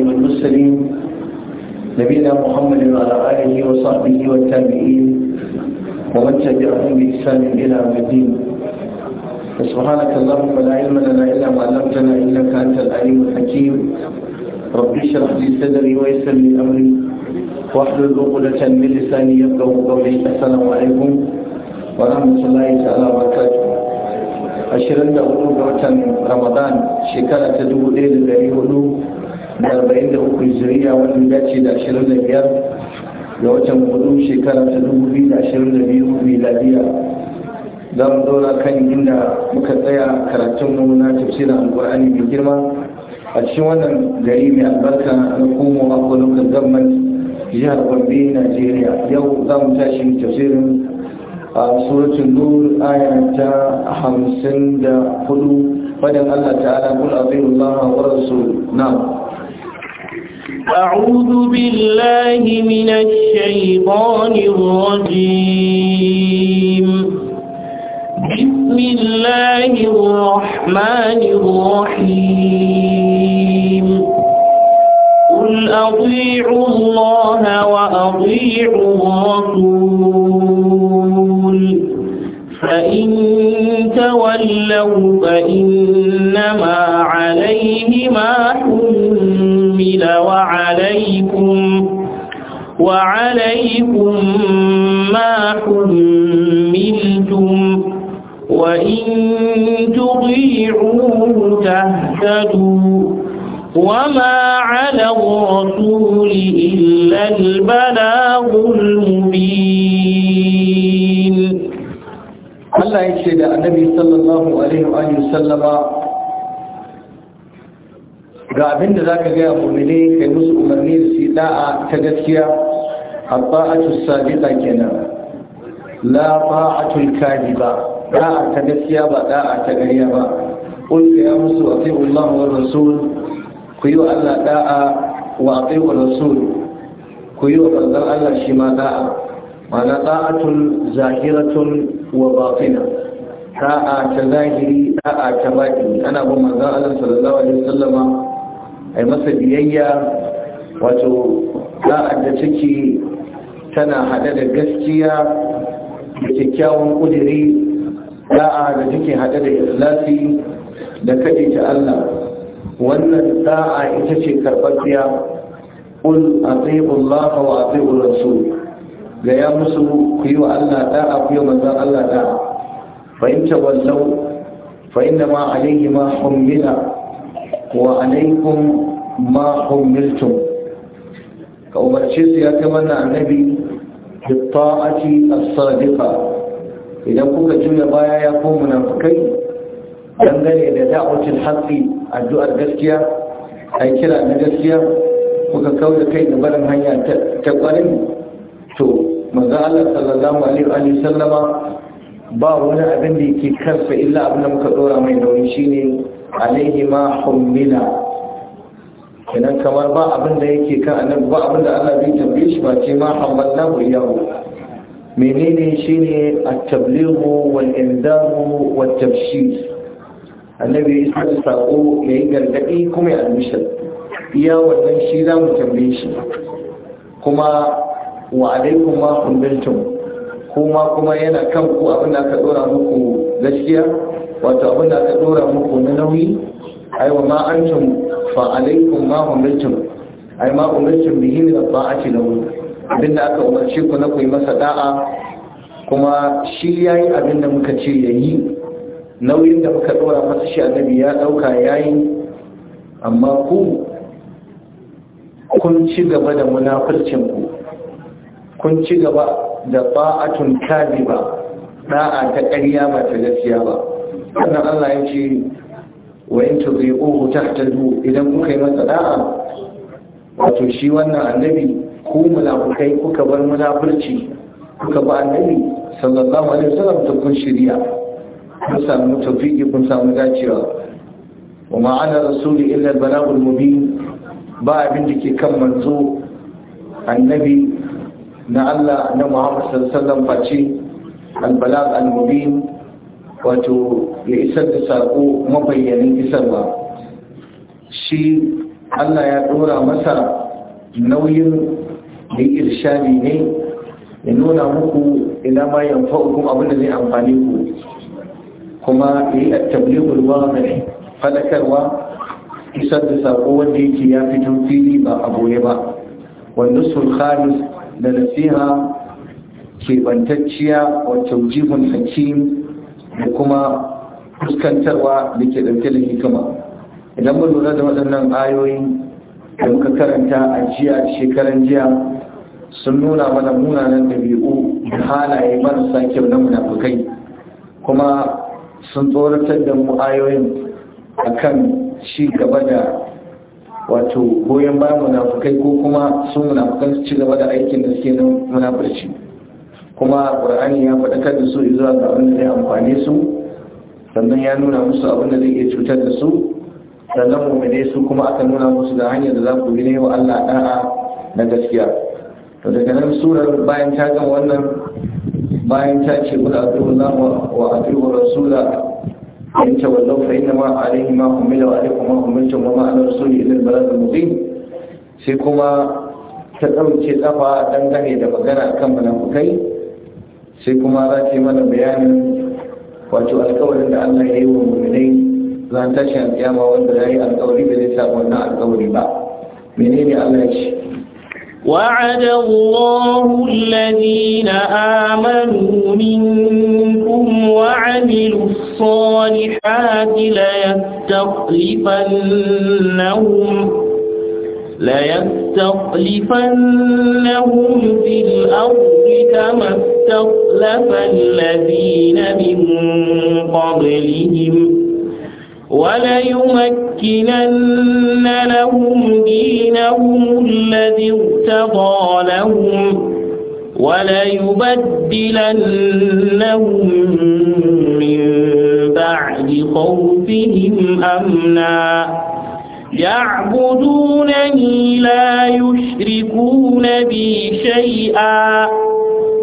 خاتم المسلمين نبينا محمد وعلى آله وصحبه والتابعين ومن تبعهم بإحسان إلى يوم الدين سبحانك اللهم لا علم لنا إلا ما علمتنا إنك أنت العليم الحكيم رب اشرح لي صدري ويسر لي أمري واحلل عقدة من لساني يفقهوا قولي السلام عليكم ورحمة الله تعالى وبركاته ashirin da hudu ga watan ramadan shekara ta dubu ɗaya da ɗari hudu da arba'in da uku hijiriya wani ya ce da ashirin da biyar ga watan hudu shekara ta dubu biyu da ashirin da biyu miladiya za mu zauna kan inda muka tsaya karatun mu na tafsirin alƙur'ani mai girma a cikin wannan gari mai albarka na kuma a kwanukan gamman jihar gombe najeriya yau za mu tashi tafsirin a suratun nur aya ta hamsin da hudu fadin allah ta'ala kul azimullah wa rasul na أعوذ بالله من الشيطان الرجيم بسم الله الرحمن الرحيم قل أطيعوا الله وأطيعوا الرسول فإن تولوا فإنما عليه ما الليل وعليكم وعليكم ما حملتم وإن تطيعوه تهتدوا وما على الرسول إلا البلاغ المبين الله يشهد النبي صلى الله عليه وآله وسلم ga abin da za ka gaya mummune kai musu umarni su da'a ta gaskiya a ba'atu sabita kenan la ba'atul ba. da'a ta gaskiya ba da'a ta gariya ba qul ya musu wa fi Allah wa rasul ku yi wa Allah da'a wa fi wa rasul ku yi wa manzon Allah shi ma da'a ma'ana da'atul zahiratun wa batina da'a ta zahiri da'a ta batini ana bin manzon Allah sallallahu alaihi wasallama a masa biyayya wato da'ar da ciki tana hada da gaskiya da kyakkyawan kudiri da'a da ciki hada da islasi da kaɗe ta Allah wannan za'a ita ce karɓaɓɓiya ƙul a Allah wa a tsaibun ga ya musu ku yi wa Allah da'a ku yi manzan Allah da fahimta wallau fahimta ma yi ma hummila wa alaikum ma humiltum ka umarci su ya kai mana annabi bi ta'ati as-sadiqa idan kuka juya baya ya ko kai. dangane da da'watul haqqi addu'ar gaskiya ai kira na gaskiya kuka kauda kai da barin hanya ta kwarin to manzo Allah sallallahu alaihi wa sallama ba wani abin da yake karfa illa abin da muka dora mai nauyi shine alaihi ma hummila kenan kamar ba abin da yake kan annabi ba abin da Allah bai tambaye shi ba ce ma hammalna ku iyahu menene shine at-tablighu wal indaru wat tabshir annabi isa da sako ya yi gargaɗi kuma ya albishir iya wannan shi za mu tambaye shi kuma wa alaikum ma kundintum kuma kuma yana kan ku abin da aka dora muku gaskiya wato abin da aka dora muku na nauyi ai wa ma antum fa alaikum ma umirtum ai ma umirtum bihi min na lahu abin da aka umarci ku na ku yi masa da'a kuma shi yayi abin da muka ce yayi nauyin da muka dora masa shi annabi ya dauka yayi amma ku kun ci gaba da munafircin ku kun ci gaba da ba'atun kadiba da'a ta ƙarya ba ta gaskiya ba Wannan Allah ya ce wa in tuzi'uhu tahtadu idan kuka yi masa da'a wato shi wannan annabi ku munafukai kuka bar munafurci kuka ba annabi sallallahu alaihi wasallam ta kun shirya kun samu tawfiqi kun samu dacewa wa ma'ana rasuli illa al-balagul mubin ba abin da ke kan manzo annabi na Allah na Muhammad sallallahu alaihi wasallam face al-balag al-mubin wato ya isar da sako mabayyanin isarwa shi allah ya ɗora masa nauyin da irshadi ne ya nuna muku ina ma yamfa abinda zai amfani ku kuma ya yi attablighul mai fadakarwa isar da sako wanda yake ya fito fili ba a boye ba wanda sulhanis da nasiha ke bantacciya wa taujihun hakim da kuma fuskantarwa da ke ɗauke da hikima idan mun lura da waɗannan ayoyi da muka karanta a jiya shekaran jiya sun nuna mana munanan ɗabi'u da halaye marasa kyau na munafukai kuma sun tsoratar da mu ayoyin akan ci gaba da wato goyon bayan munafukai ko kuma sun munafukan ci gaba da aikin da suke na munafurci kuma ƙur'ani ya faɗakar da su zuwa ga abin da zai amfane su sannan ya nuna musu abin da zai iya cutar da su sannan mummune su kuma aka nuna musu da hanyar da za ku bi wa Allah da'a na gaskiya to daga nan surar bayan ta gama wannan bayan ta ce kula atuhu Allah wa atuhu rasula in tawallaw fa inna ma alayhi ma humila wa alaykum ma humiltum wa ma ala rasuli illa al-balagh sai kuma ta dauke tsafa dangane da magana kan munafukai sai kuma za ta yi mana bayanin wato alkawarin da Allah ya yi wa mu'minai zan tashi a kiyama wanda ya yi alkawari da zai samu wannan alkawari ba menene Allah ya ce وعد الله الذين آمنوا منكم وعملوا الصالحات ليستخلفنهم ليستخلفنهم في الأرض كما استخلف الذين من قبلهم وليمكنن لهم دينهم الذي ارتضى لهم وليبدلنهم من بعد خوفهم أمنا يعبدونني لا يشركون بي شيئا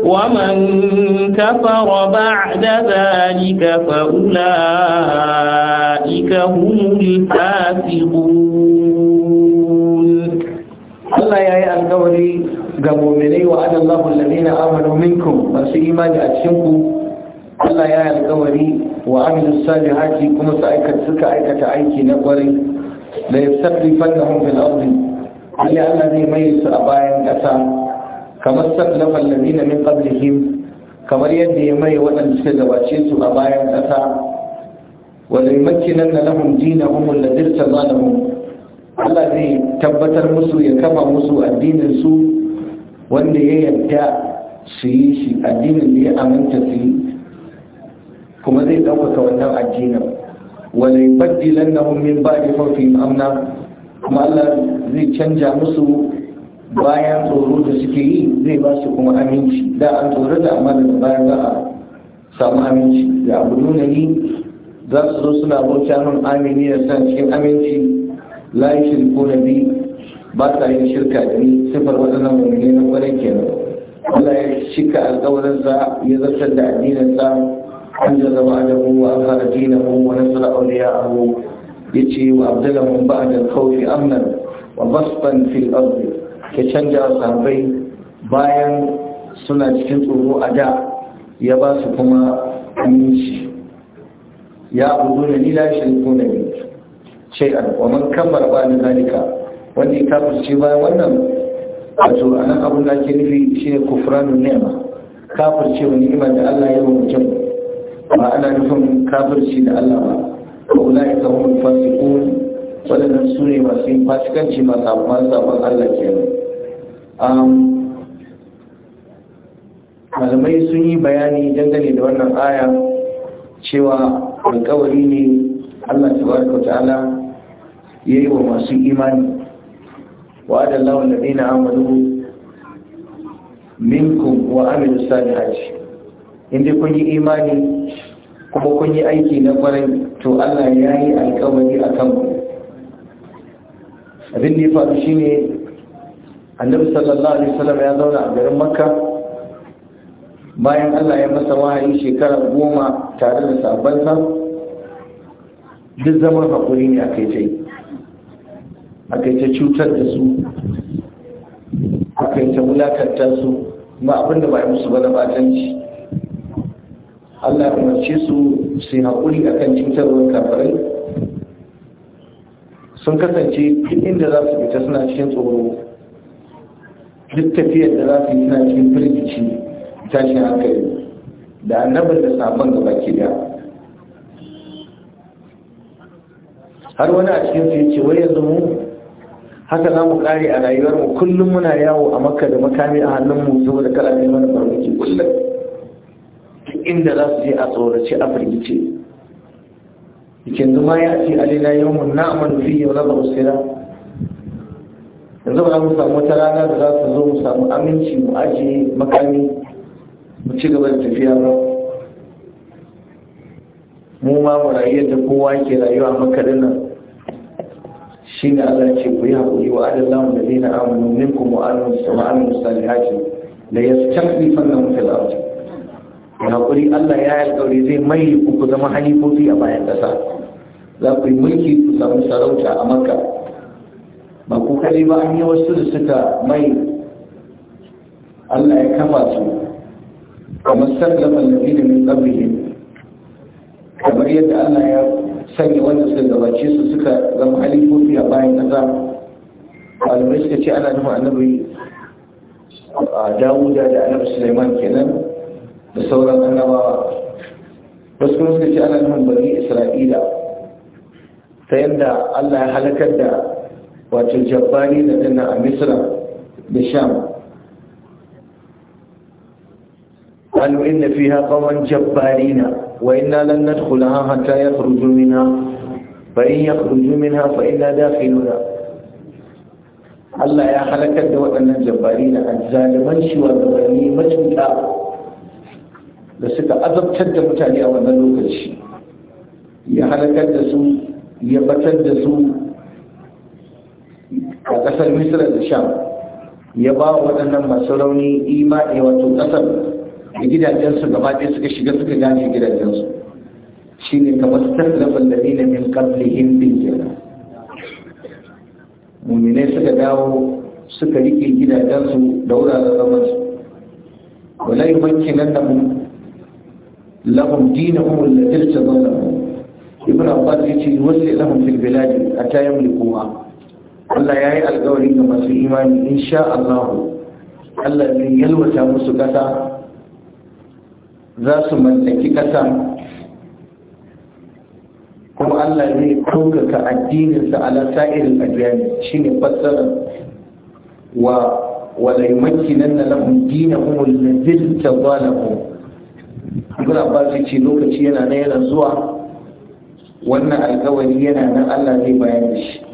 ومن كفر بعد ذلك فأولئك هم الفاسقون الله يا القولي قبوا مني وأن الله الذين آمنوا منكم فسي إيمان أتشنكم الله يا القولي وعملوا الصالحات كما سأيكت سكا أيكت أيكي نقري ليستخلفنهم في الأرض لأن الذي ميس أبايا كسام kamar saklafa lalina min qablihim kamar yadda ya mai waɗanda suka gabace su a bayan ƙasa wanda ya nan na lahun dina umar da dirta zalahun Allah zai tabbatar musu ya kama musu addinin su wanda ya yadda su yi shi addinin da ya aminta su yi kuma zai ɗaukaka wannan addinin wanda ya baddilan na min ba da amna kuma Allah zai canja musu bayan tsoro da suke yi zai ba su kuma aminci da an tsoro da amma daga bayan za a samu aminci da abu nuna ni za su zo suna bauta min amini da san cikin aminci la yi na bi ba sa yin shirka da ni sifar waɗannan mummune na kwarai kenan Allah ya shika alƙawarinsa ya zartar da addininsa an jarraba da mu wa an fara dinahu wa nasara ya yace wa abdalahum ba'da da khawfi amnan wa basban fil ardi ke canja sahabai bayan suna cikin tsoro a da ya ba su kuma aminci ya abu da ni la ko na bi ce a man kamar ba ni zalika wanda ya kafirce bayan wannan A anan abun da ke nufi shine Nema. Kafin kafirce wani iman da Allah ya yi mutum ba ana nufin kafirci da Allah ba wula ya ka mafi fasikun wadannan su ne masu yin fasikanci masu sabon Allah ke kenan malamai sun yi bayani dangane da wannan aya cewa alkawari ne allah tabaraka ta'ala ya yi wa masu imani wa adallahu alladhina amanu minkum wa Sani salihati inda kun yi imani kuma kun yi aiki na kwarai to allah ya yi alkawari a kanku abin da ya faru shine annabi sallallahu alaihi wasallam ya zauna a garin makka bayan allah ya masa wahayi shekara goma tare da sabansa duk zaman haƙuri ne a kai ta cutar da su aka kai ta wulakanta su ba abinda ba yi musu ba na batanci allah ya umarce su su haƙuri a kan cutarwar kafarai sun kasance duk inda za su fita suna cikin tsoro duk tafiyar da za su yi suna cikin firgici tashin hankali da annabar da sabon gaba ke da har wani a cikin su ce wai yanzu mu haka za mu kare a rayuwar mu kullum muna yawo a makka da makami a hannunmu saboda kala ne mana farmaki kullum duk inda za su je a tsorace a firgice ikin zuma ya ce alina yawon na'aman fiye wa zaba usira yanzu ba za mu samu wata rana da za su zo mu samu aminci mu ajiye makami mu ci gaba da tafiya ba mu ma mu rayuwar da kowa ke rayuwa makarin nan shi ne Allah ce ku yi haƙuri wa adallahu da zina amanu minkum wa amanu salihati da ya tafi fannin fil ardi ya haƙuri Allah ya alƙawari zai mai ku zama halifofi a bayan ƙasa za ku yi mulki ku samu sarauta a makka ba ku kai ba an yi wasu da suka mai Allah ya kama su kamar sallama lalina min qablihim kamar yadda Allah ya sanya wanda suka gabace su suka zama halifofi a bayan kaza malamai suka ce ana nufin annabi Dawuda da annabi Suleiman kenan da sauran annabawa wasu kuma suka ce ana nufin bari Isra'ila ta yadda Allah ya halakar da wato jabbani da dinna a misra da sham قالوا إن فيها قوما جبارين وإنا لن ندخلها حتى يخرجوا منها فإن يخرجوا منها فإنا داخلون Allah ya halakar da waɗannan jabbari na azzaliman shugabanni matuƙa da suka azabtar da mutane a wannan lokaci ya halakar da su ya batar da su a ƙasar misira da sham ya ba waɗannan masu rauni imani wato ƙasar da gidajensu gaba ɗaya suka shiga suka gane gidajensu ne kamar sarrafin da ne min ƙarfi bin jannah muminai suka dawo suka rike gidajensu da wuraren zamansu wala yumakkinan lahum lahum dinahum alladhi Ibrahim ibn abbas ce wasu lahum filbilaji a tayan yamlikuha Allah ya yi alkawari ga masu imani insha Allah Allah zai yalwata musu ƙasa za su mallaki ƙasa kuma Allah zai ɗaukaka addininsa ala sa'irin adiyani ne fassara wa wala yumakkinanna lahum dinahum alladhi tadalahum Ibn Abbas ce lokaci yana nan yana zuwa wannan alkawari yana nan Allah zai bayar da shi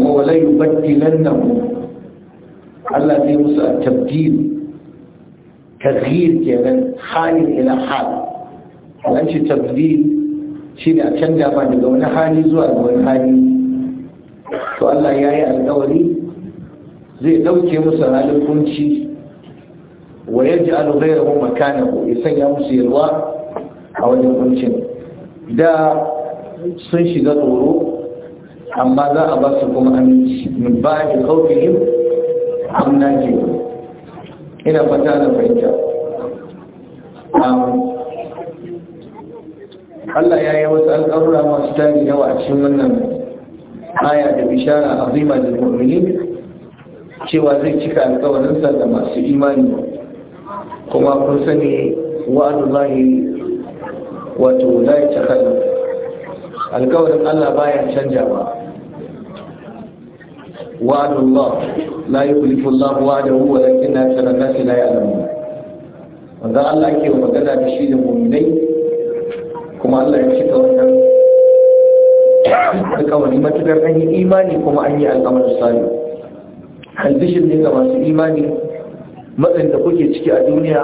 kuma wala yubaddilannahu Allah zai musu a tabdil taghyir kenan halin ila hal an ce tabdil ne a canja ba daga wani hali zuwa ga wani hali to Allah ya yi alƙawari zai ɗauke musu halin kunci wa yaj'alu ghayrahu makanahu ya sanya musu yalwa a wajen kuncin da sun shiga tsoro amma za a basu kuma aminci min ba da kaukihim amna ke ina fata na fahimta Allah ya yi wasu alƙarura masu tari yawa a cikin wannan aya da bishara azima da mu'mini cewa zai cika alƙawarinsa da masu imani kuma kun sani wa'adullahi wato zai ya alƙawarin Allah baya canja ba. وعد الله لا يخلف الله وعده ولكن أكثر الناس لا يعلمون wanda Allah ke magana da shi da muminai kuma Allah ya cika wannan duka wani matukar an yi imani kuma an yi al'amar sani haldishin ne ga masu imani matsayin da kuke ciki a duniya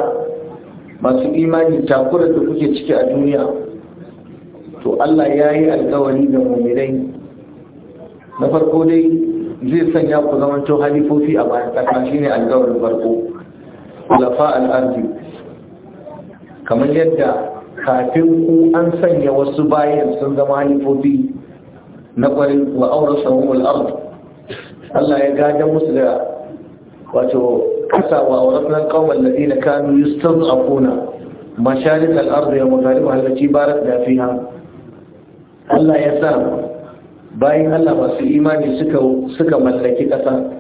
masu imani takurar da kuke ciki a duniya to Allah ya yi alkawari da muminai na farko dai zai sanya ku zamanto halifofi a bayan ƙasa shine alƙawarin farko lafa al'ardi kamar yadda kafin ku an sanya wasu bayan sun zama halifofi na ƙwarin wa aure samun Allah ya gada musu da wato kasa wa auratnan qauman na kanu a masharik al-ard ya mutarib mahallaci barak da fiha Allah ya sa bayan Allah masu imani suka mallaki ƙasa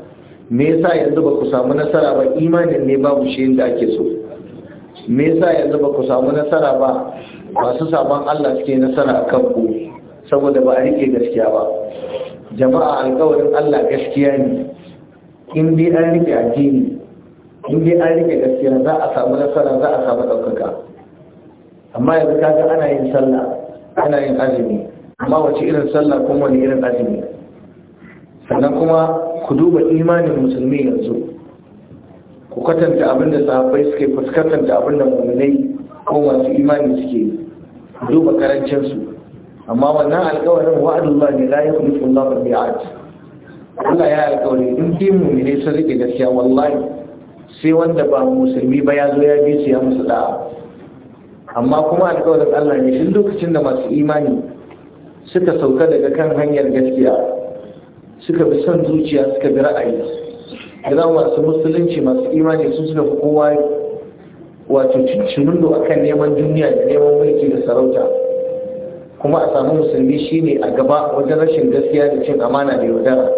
me yasa yanzu ba ku samu nasara ba imanin ne babu shi inda ake so me yasa yanzu ba ku samu nasara ba masu sabon Allah suke nasara a kan ku, saboda ba a rike gaskiya ba jama'a alƙawarin Allah gaskiya ne in dai an rike addini in dai an rike gaskiya za a samu nasara za a samu ɗaukaka amma yanzu kaga ana yin sallah ana yin azumi amma wace irin sallah kuma wani irin azumi sannan kuma ku duba imanin musulmi yanzu ku kwatanta abinda sahabbai suke fuskantanta abinda mummunai ko masu imani suke duba karancinsu amma wannan alkawarin wa'adullah ne la yukhlifu Allah bi miad Allah ya alkawari in dai mummune sun rike gaskiya wallahi sai wanda ba musulmi ba ya zo ya bi su ya musu da'a amma kuma alkawarin Allah ne shi lokacin da masu imani suka sauka daga kan hanyar gaskiya suka bi son zuciya suka bi ra'ayi da masu musulunci masu imani sun suka fi kowa wato cincinundu a kan neman duniya da neman mulki da sarauta kuma a sami musulmi shine a gaba wajen rashin gaskiya da cin amana da yaudara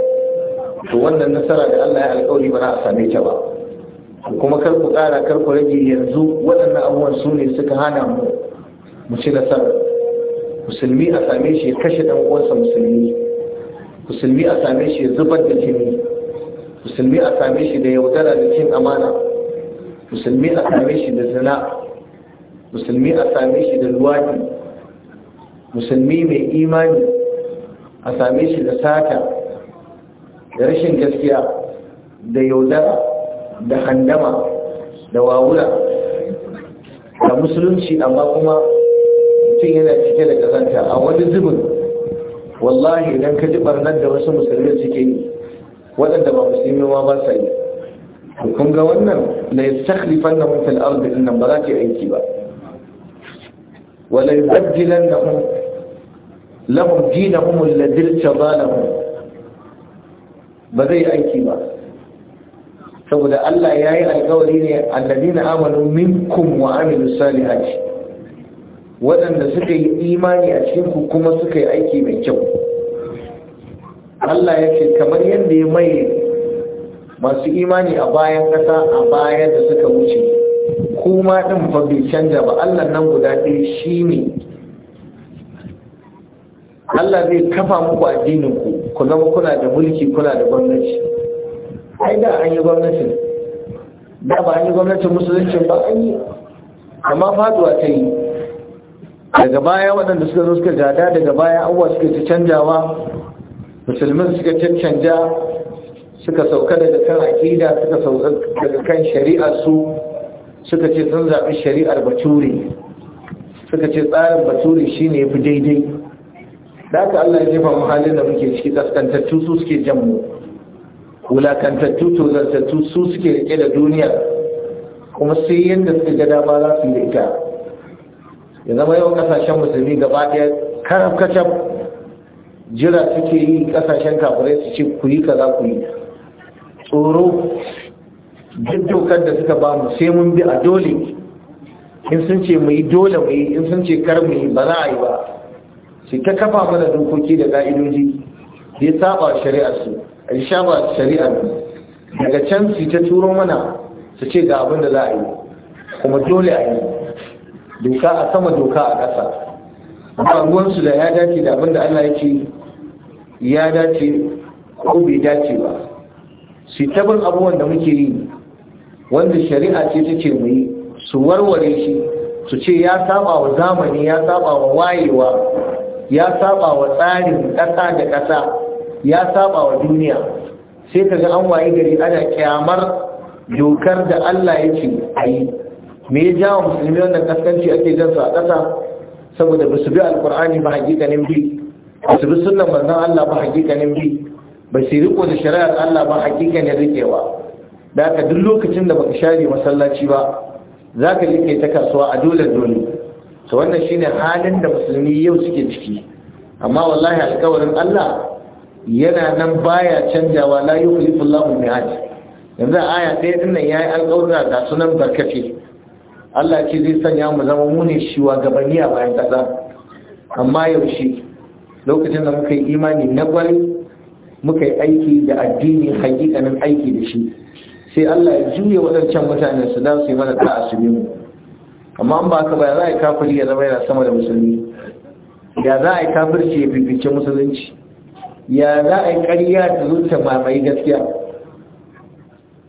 to wannan nasara da allah ya alkawari ba na a same ta ba kuma kar ku kara kar ku rage yanzu waɗannan abubuwan su ne suka hana mu mu ci nasara musulmi a same shi kashe dan uwansa musulmi musulmi a same shi zubar da jini musulmi a same shi da yaudara da cin amana musulmi a same shi da zina musulmi a same shi da luwadi musulmi mai imani a same shi da sata da rashin gaskiya da yaudara da handama da wawura da musulunci amma kuma mutum yana cike da kazanta a wani zubin wallahi idan ka ji barnar da wasu musulmi suke yi waɗanda ba musulmi ma ba sa yi kun ga wannan la yastakhlifan na mun fil ardi nan ba za ka yi aiki ba wala yubaddilan lahum lahum dinahum alladhi tadalahum ba zai aiki ba saboda Allah yayi alƙawari ne alladina amanu minkum wa amilus salihati waɗanda suka yi imani a cikin ku kuma suka yi aiki mai kyau Allah ya ce kamar yadda ya mai masu imani a bayan ƙasa a bayan da suka wuce kuma ɗin fabi canja ba Allah nan guda ɗaya shi ne Allah zai kafa muku addininku ku ku zama kuna da mulki kuna da gwamnati ai da an yi gwamnati? da ba an yi gwamnatin musulunci ba an yi amma faduwa ta yi daga baya waɗanda suka zo suka jada daga baya abuwa suka ci canjawa musulmin suka canja, suka sauka daga kan aƙida suka sauka daga kan shari'ar su suka ce sun zaɓi shari'ar baturi suka ce tsarin baturi shine yafi daidai da haka Allah ya jefa mu halin da muke ciki kaskantattu su suke jan mu wulakantattu zartattu su suke rike da duniya kuma sai yadda suka gada ba za su yi da ita ya zama yau kasashen musulmi gaba ɗaya karam jira suke yi kasashen kafirai su ce ku yi kaza ku yi tsoro duk dokar da suka ba mu sai mun bi a dole in sun ce mu yi dole mu yi in sun ce kar mu yi ba za a yi ba su ta kafa mana dokoki da ka'idoji ya saba shari'ar su a shaba shari'ar daga can su ta turo mana su ce ga abin da za a yi kuma dole a yi doka a sama doka a ƙasa ba ruwansu da ya dace da abinda Allah ya ce ya dace ko bai dace ba su tabin abubuwan da muke yi wanda shari'a ce ta ce mai su warware shi su ce ya saba wa zamani ya saba wa wayewa ya saba wa tsarin ƙasa da ƙasa ya saba wa duniya sai ka ga an waye gari ana kyamar dokar da Allah ya ce a yi me ya jawo musulmi wannan kaskanci ake jan su a ƙasa saboda ba su bi alkur'ani ba hakikanin bi ba su bi sunan manzan Allah ba hakikanin bi ba su riko da shari'ar Allah ba hakikanin rikewa da haka duk lokacin da baka share masallaci ba za ka rike ta kasuwa a dole dole to wannan shine halin da musulmi yau suke ciki amma wallahi alƙawarin Allah yana nan baya canjawa la yukhlifu Allahu mi'ad yanzu aya ɗaya din nan yayi alƙawarin da sunan barkace Allah ce zai sanya mu zama shi wa gabani a bayan kasa amma yaushe lokacin da muka yi imani na gwari muka yi aiki da addini hakikanin aiki da shi sai Allah ya juya wadancan mutane su dan su yi mana ta bi amma an ba ka ba za a yi kafiri ya zama yana sama da musulmi ya za a yi kafirci ya fifice musulunci ya za a yi ƙarya da zuta mamaye gaskiya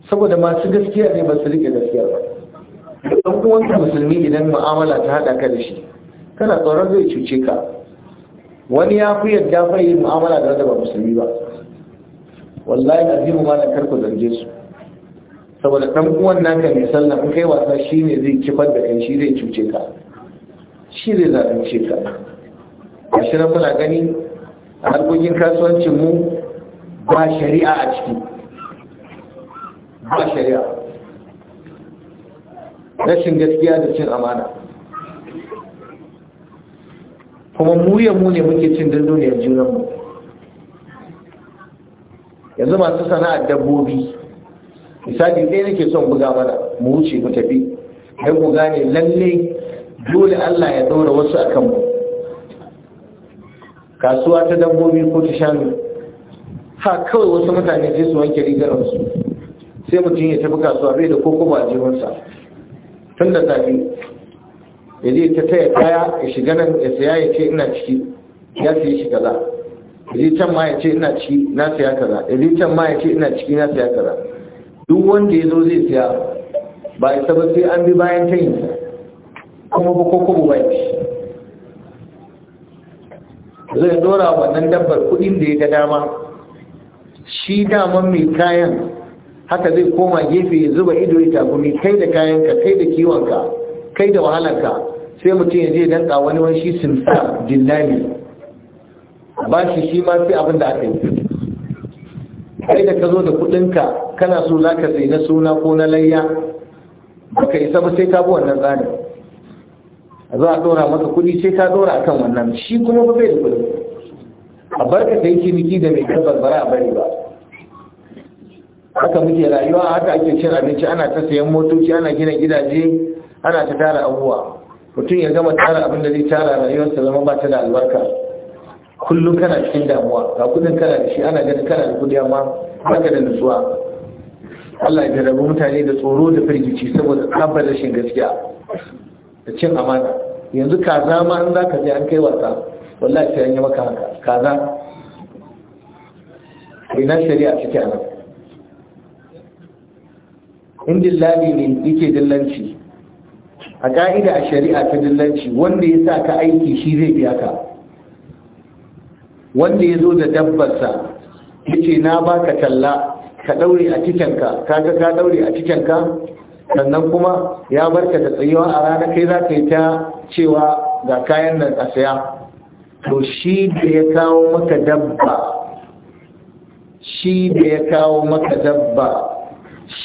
saboda masu gaskiya ne ba su rike gaskiya ba dan uwanka musulmi idan mu'amala ta hada ka da shi kana tsoron zai cuce ka wani ya fi yadda fa yi mu'amala da wanda ba musulmi ba wallahi azimu ma na karku zarge su saboda ɗan uwan naka mai sallah in kai wasa shi ne zai kifar da kai shi zai cuce ka shi zai ce ka shi na muna gani a harkokin kasuwancin mu ba shari'a a ciki ba shari'a rashin gaskiya da cin amana kuma mu ya mu ne muke cin dindoniyar junanmu yanzu masu sana'ar dabbobi misali ɗaya nake son buga mana mu wuce mu tafi don ku gane lalle dole Allah ya ɗora wasu a kanmu kasuwa ta dabbobi ko ta shanu ha kawai wasu mutane je su wanke rigar rigararsu sai mutum ya tafi kasuwa bai da koko a jihunsa tun da zafi ya zai ta taya kaya ya shiga nan ya saya ya ce ina ciki ya sayi shi kaza ya zai can ma ya ce ina ciki na saya kaza ya zai can ma ya ce ina ciki na saya kaza duk wanda ya zo zai saya ba ya saba sai an bi bayan tayinsa kuma ba kokobo ba ya zai dora wannan dabbar kudin da ya ga dama shi daman mai kayan haka zai koma gefe ya zuba ido ya tagumi kai da kayanka kai da kiwonka kai da wahalarka sai mutum ya je danka wani wani shi simsa dillami ba shi shi ma sai abin da aka yi kai da ka zo da kudinka kana so za ka zai na suna ko na layya baka isa ba sai ka bi wannan tsarin za a dora maka kudi sai ka dora akan wannan shi kuma ba bai da kudi a barka ta yi ciniki da mai kan bara a bari ba haka muke rayuwa haka ake cin abinci ana ta sayan motoci ana gina gidaje ana ta tara abuwa? mutum ya gama tara abin da zai tara rayuwarsa zama ba ta da albarka kullum kana cikin damuwa ga kudin kana da shi ana ganin kana da kudi amma baka da nutsuwa Allah ya jarabu mutane da tsoro da firgici saboda tsabar rashin gaskiya da cin amana yanzu kaza ma an za ka je an kai wasa wallahi sai an yi maka haka kaza ina shari'a ciki a nan in dillali ne yake dillanci a ka'ida a shari'a ta dillanci wanda ya sa ka aiki shi zai biya ka wanda ya zo da dabbarsa ya ce na ba ka talla ka ɗaure a cikinka kaga ka ɗaure a cikinka sannan kuma ya barka da tsayuwa a rana kai za ka yi ta cewa ga kayan nan a saya to shi da ya kawo maka dabba shi da ya kawo maka dabba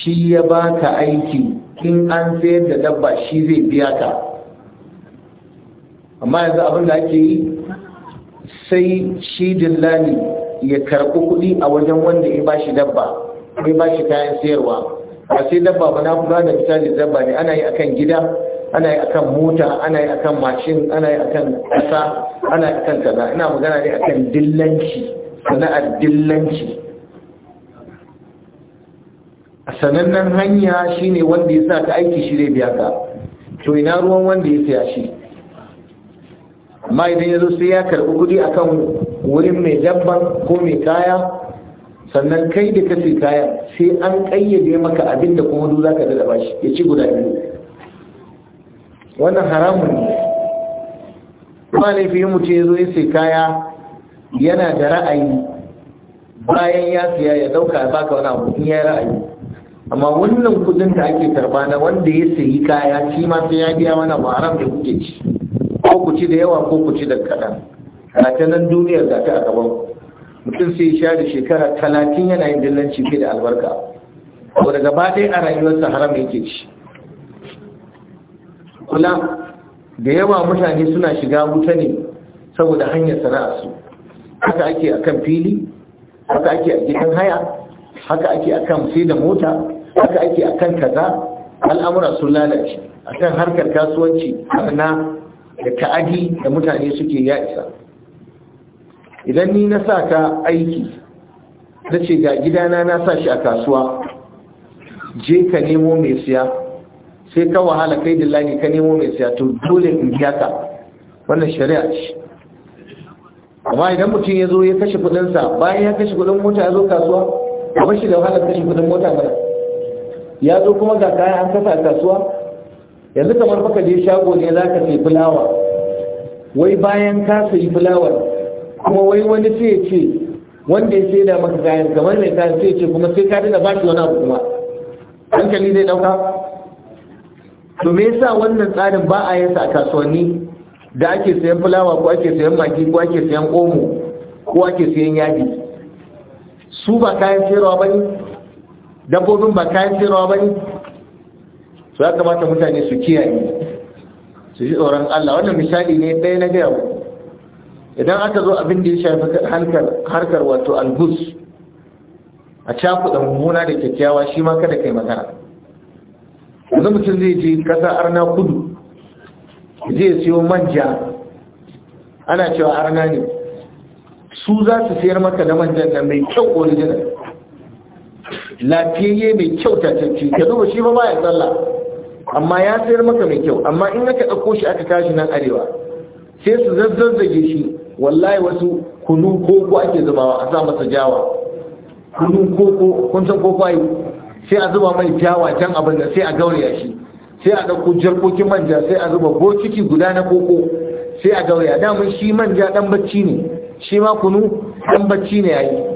shi ya ba ka aiki in an sayar da dabba shi zai biya ka amma yanzu abin da ake yi sai shi dillali ya karɓi kuɗi a wajen wanda ya bashi dabba ya bashi kayan sayarwa ba sai dabba ba na kula da misali dabba ne ana yi a kan gida ana yi kan mota ana yi kan mashin ana yi kan ƙasa ana yi kan kaza ina magana ne a kan dillanci sana'ar dillanci a sanannen hanya ne wanda ya sa ka aiki shi zai biya ka to ina ruwan wanda ya saya shi amma idan ya zo sai ya karɓi kuɗi akan wurin mai dabban ko mai kaya sannan kai da ka kaya sai an ƙayyade maka abin da kuma duk ka da shi, ya ci guda biyu wannan haramun ne Kuma laifin ce ya zo ya sai kaya yana da ra'ayi bayan ya siya ya ɗauka ya baka wani abu in ya yi ra'ayi amma wannan kudin da ake karba na wanda ya sayi kaya shi ma sai ya biya mana haram da kuke ci ko ku ci da yawa ko ku ci da kaɗan a ta nan duniyar da ta a gaban mutum sai sha da shekara talatin yana yin dillanci fiye da albarka ko daga ba dai a rayuwarsa haram yake ci kula da yawa mutane suna shiga wuta ne saboda hanyar sana'a su, haka ake akan fili haka ake a gidan haya haka ake akan sai da mota haka ake kan kaza al'amura sun lalace a kan harkar kasuwanci na da ta'adi da mutane suke ya isa idan ni na sa ka aiki na ce ga gidana na sa shi a kasuwa je ka nemo mai siya sai ka wahala kai da lani ka nemo mai siya to dole in biya ka wannan shari'a ce amma idan mutum ya zo ya kashe kudinsa bayan ya kashe kudin mota ya zo kasuwa a bashi da wahalar kashe kudin mota mana ya zo kuma ga kayan an kasa kasuwa yanzu kamar baka je shago ne za ka sai fulawa wai bayan ka sayi fulawar kuma wai wani sai ce wanda ya sai da maka kayan kamar mai kayan sai ce kuma sai ka dina ba shi wani abu kuma hankali zai dauka to me yasa wannan tsarin ba a yin sa a kasuwanni da ake sayan fulawa ko ake sayan maki ko ake sayan omo ko ake sayan yaji su ba kayan sayarwa ba ne dabbobin ba kayan sayarwa ba ne su ya kamata mutane su kiyaye su ji tsoron Allah wannan misali ne ɗaya na gaya idan aka zo abin da ya shafi harkar wato albus a cakuɗa mummuna da kyakkyawa shi ma kada kai makara wani mutum zai je kasa arna kudu zai siyo manja ana cewa arna ne su za su sayar maka da manjan nan mai kyau original lafiyayye mai kyau tatacce ta zuba shi ba ba ya tsalla amma ya sayar maka mai kyau amma in aka ɗauko shi aka kashi nan arewa sai su zazzage shi wallahi wasu kunu koko ake zubawa a sa masa jawa kunu koko kun san koko ayi sai a zuba mai jawa can abin da sai a gauraya shi sai a ɗauko jarkokin manja sai a zuba ko ciki guda na koko sai a gauraya damun shi manja ɗan bacci ne shi ma kunu ɗan bacci ne ya yi.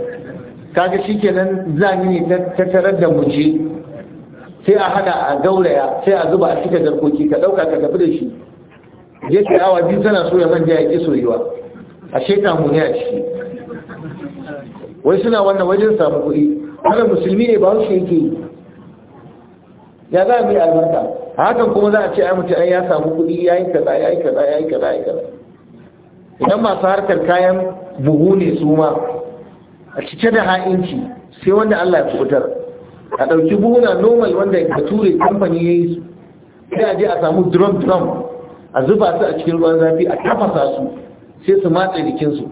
kaga shikenan zani ne ta tarar da muje sai a hada a gauraya sai a zuba a cika jarkoki ka dauka ka tafi da shi je ta awa biyu tana so ya manja ya ki soyuwa a sheka mu ne a ciki wai suna wannan wajen samu kuɗi wannan musulmi ne ba wasu yake yi ya za a yi albarka a hakan kuma za a ce ai mutum ai ya samu kuɗi ya yi kaza ya yi kaza ya yi kaza ya yi kaza idan masu harkar kayan buhu ne su ma a cike da ha'inci sai wanda Allah ya kubutar a ɗauki buhuna normal wanda ka ture kamfani ya yi su sai a je a samu drum drum a zuba su a cikin ruwan zafi a tafasa su sai su matsa jikinsu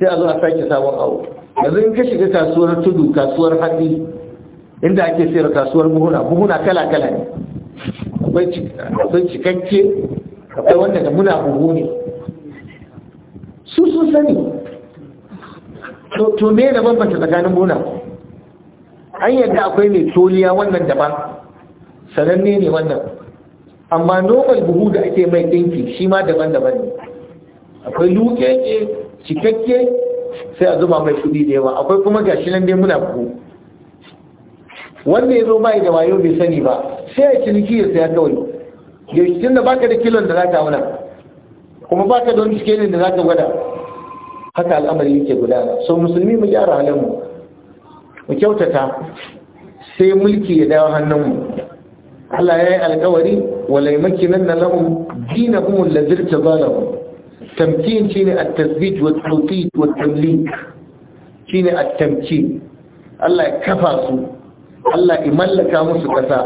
sai a zo a sake sabon awo yanzu in ka shiga kasuwar tudu kasuwar haɗi inda ake sayar kasuwar buhuna buhuna kala kala ne akwai cikakke akwai wanda da muna buhu ne su sun sani to me da bambanta tsakanin bola an yadda akwai mai toliya wannan daban sananne ne wannan amma normal buhu da ake mai ɗinki shi ma daban-daban ne akwai ne cikakke sai a zuba mai kuɗi da yawa akwai kuma gashi nan dai muna buhu wanda ya zo bai da wayo bai sani ba sai ya ciniki ya saya kawai yaushe tun da baka da kilon da za ka wuna kuma baka da wani sikelin da za ka gwada haka al'amari yake gudana so musulmi mu gyara halinmu mu kyautata sai mulki ya dawo hannunmu Allah ya yi alkawari walai makinan na lahun dina kuma lazirta zalahu tamkin shi ne a tasbit wa tauti wa tamlik shi ne a tamkin Allah ya kafa su Allah ya mallaka musu ƙasa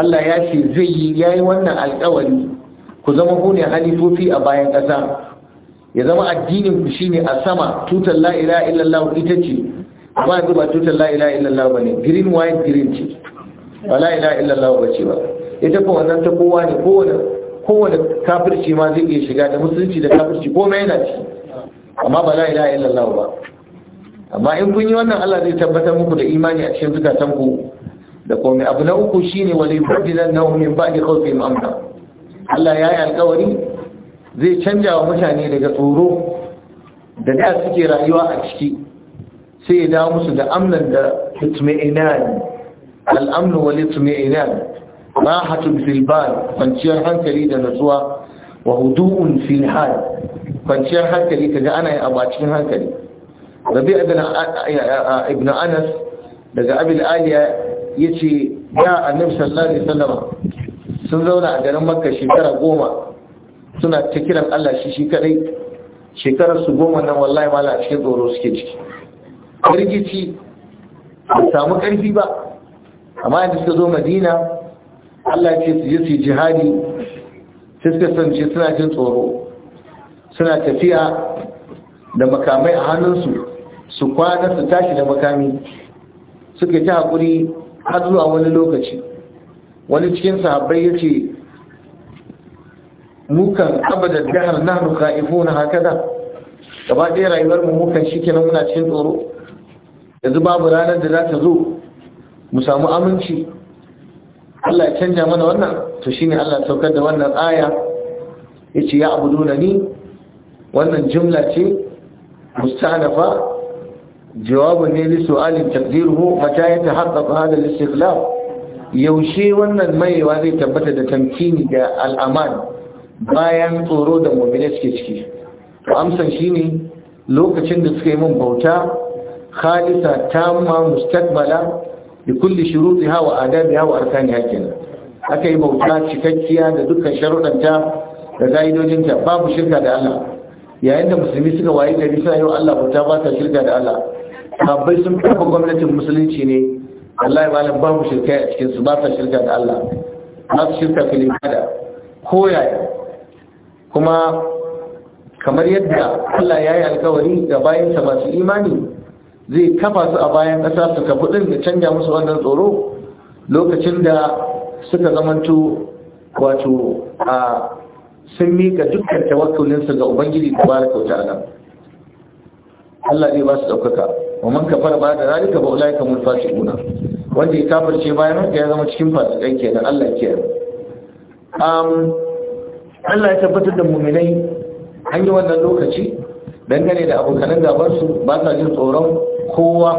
Allah ya ce zai yi ya yi wannan alkawari ku zama hune halifofi a bayan ƙasa ya zama addinin ku shine a sama tutar la ilaha illallah ita ce amma yanzu ba tutar la ilaha illallah bane green white green ce ba la ilaha illallah ba ce ba ita kuma wannan ta kowa ne kowane kowane kafirci ma zai iya shiga da musulunci da kafirci ko mai yana ci amma ba la ilaha illallah ba amma in kun yi wannan Allah zai tabbatar muku da imani a cikin ku? da komai abu na uku shine wal yubdilannahu min ba'di khawfihim amna Allah ya yi alƙawari zai canja wa mutane daga tsoro da da suke rayuwa a ciki sai ya dawo musu da amnan da itmi'inan al'amnu wa itmi'inan rahatun fil bal kwanciyar hankali da natsuwa wa hudu'un fil hal kwanciyar hankali kaga ana yin abu cikin hankali rabi ibn anas daga abil aliya yace ya annabi sallallahu alaihi wasallam sun zauna a garin makka shekara goma suna ta kiran Allah shi shi kadai shekarar su goma nan wallahi mala a cikin tsoro suke ciki firgici ba samu karfi ba amma yadda suka zo madina Allah ce su je su jihadi sai suka sance suna jin tsoro suna tafiya da makamai a hannunsu su kwana su tashi da makami suka ta haƙuri har zuwa wani lokaci wani cikin sahabbai ya ce mukan abada dahar nahnu haka hakada gaba ɗaya rayuwar mu mukan kenan muna cikin tsoro yanzu babu ranar da za ta zo mu samu aminci Allah ya canja mana wannan to shine Allah saukar da wannan aya yace ya abuduna ni wannan jumla ce mustanafa jawabu ne li su'alin taqdiruhu mata yatahaqqaqu hadha al-istiqlal yaushe wannan maiwa zai tabbata da tamkini da al'aman bayan tsoro da mummina suke ciki to amsan ne, lokacin da suka yi mun bauta khalisa ma mustaqbala bi kulli shurutiha wa adabiha wa arkaniha kenan aka yi bauta cikakkiya da dukkan sharuɗanta da ga'idojinta babu shirka da Allah yayin da musulmi suka waye da suna yau Allah bauta ba ta shirka da Allah babbai sun kafa gwamnatin musulunci ne ya malam babu shirka a cikin su ba ta shirka da Allah ba su shirka filin kada koyaya kuma kamar yadda Allah ya yi alkawari ga bayansa masu imani zai kafa su a bayan ƙasa su kafu ɗin da canja musu wannan tsoro lokacin da suka zamanto wato a sun mika dukkan tawakkulinsu ga ubangiji da baraka wa ta'ala Allah zai ba su ɗaukaka wa man kafara ba da zalika ba ulai fashi fasiquna wanda ya kafirce bayan haka ya zama cikin fasikai kenan Allah ya kiyaye um, Allah ya tabbatar da muminai an yi wannan lokaci dangane da abokanan gabarsu ba sa jin tsoron kowa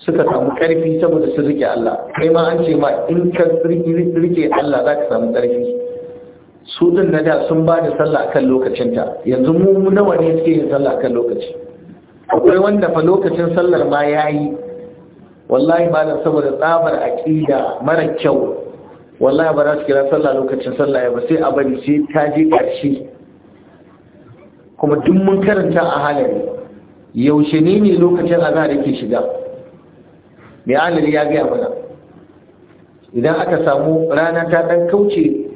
suka samu karfi saboda su rike Allah kai ma an ce ma in ka rike Allah za ka samu karfi su din na da sun ba da sallah kan lokacinta yanzu mu nawa ne suke yin sallah kan lokaci akwai wanda fa lokacin sallar ma ya yi? wallahi ba da saboda tsabar aƙida mara kyau wallahi ba za su kira sallah lokacin sallah ya ba sai a bari sai ta je ƙarshe kuma duk mun karanta a halin yaushe ne ne lokacin zara yake shiga mai halari ya gaya mana idan aka samu rana ta ɗan kauce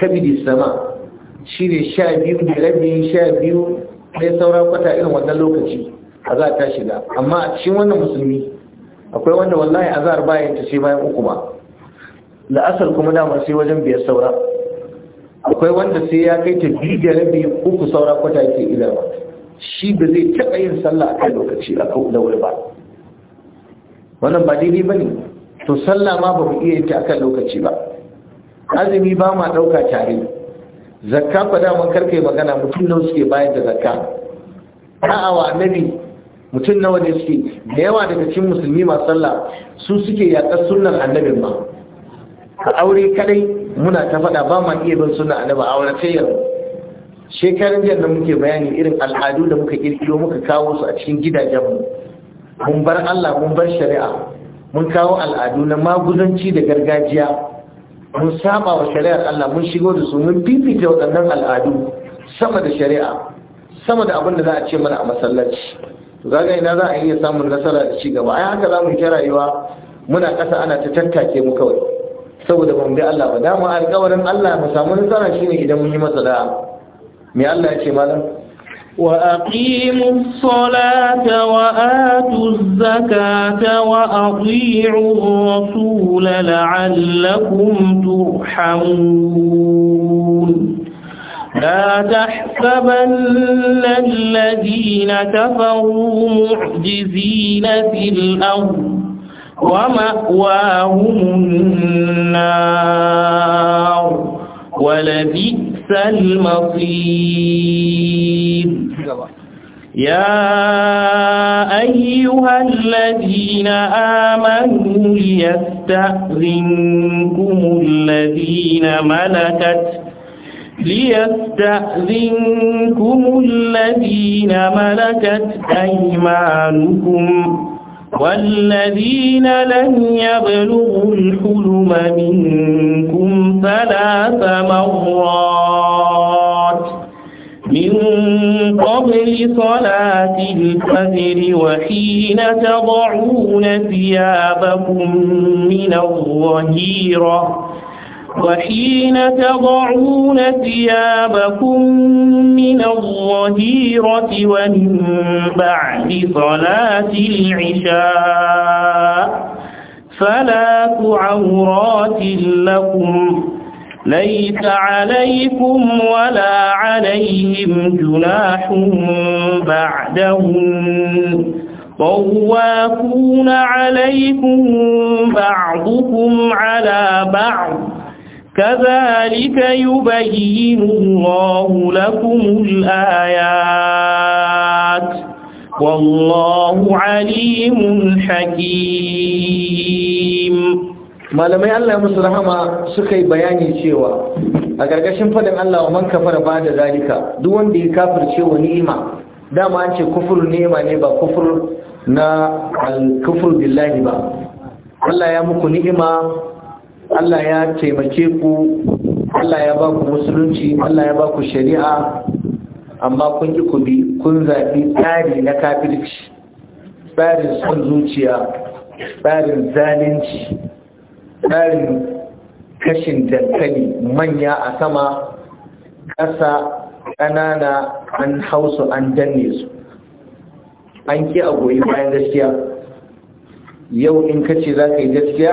kabidi sama shi ne sha biyu da rabi sha biyu sai saura kwata irin wannan lokaci za ta shiga amma a cikin wannan musulmi akwai wanda wallahi zara bayan ta sai bayan uku ba la'asar kuma damar sai wajen biyar saura akwai wanda sai ya kai ta biyu da rabi uku saura kwata yake idarwa shi ba zai taɓa yin sallah a kan lokaci a kan da wuri ba wannan ba daidai ba ne to sallah ma ba mu iya yin ta a kan lokaci ba azumi ba ma ɗauka tare zakka fa daman karkai magana mutum nawa suke bayar da zakka a'a wa annabi mutum nawa ne suke da yawa daga cikin musulmi masu sallah su suke yaƙar sunan annabin ma a aure kadai muna ta faɗa ba ma iya bin suna a a aure sai yau shekarun jan da muke bayani irin al'adu da muka kirkiro muka kawo su a cikin gidajenmu mun bar Allah mun bar shari'a mun kawo al'adu na maguzanci da gargajiya mun saba wa shari'ar Allah mun shigo da su mun fifita waɗannan al'adu sama da shari'a sama da abin da za a ce mana a masallaci zaga ina za a iya samun nasara da ci gaba ai haka za mu yi ta rayuwa muna ƙasa ana ta tattake mu kawai saboda ban bi Allah ba dama alƙawarin Allah mu samu nasara shine idan mun yi masa da me Allah ya ce malam wa aqimus salata wa atuz zakata wa ati'ur rasul la'allakum turhamun لا تحسبن الذين كفروا معجزين في الأرض ومأواهم النار ولبئس المصير يا أيها الذين آمنوا ليستأذنكم الذين ملكت ليستأذنكم الذين ملكت أيمانكم والذين لم يبلغوا الحلم منكم ثلاث مرات من قبل صلاة الفجر وحين تضعون ثيابكم من الظهيره وحين تضعون ثيابكم من الظهيرة ومن بعد صلاة العشاء فلا تعورات لكم ليس عليكم ولا عليهم جناح بعدهم طوافون عليكم بعضكم على بعض كذلك يبين الله لكم الآيات والله عليم حكيم malamai Allah musu rahama suka yi bayani cewa a gargashin fadin Allah wa man kafara ba da zalika duk wanda ya kafirce wa ni'ima dama an ce kufur ni'ima ne ba kufur na al-kufur billahi ba Allah ya muku ni'ima Allah ya taimake ku Allah ya ba ku musulunci Allah ya ba ku shari'a amma kun ƙi ku bi kun zaɓi tsari na kafirci tsarin son zuciya tsarin zalunci tsarin kashin dankali manya a sama ƙasa ƙanana an hausu an danne su an ki a goyi bayan gaskiya yau in kace za ka yi gaskiya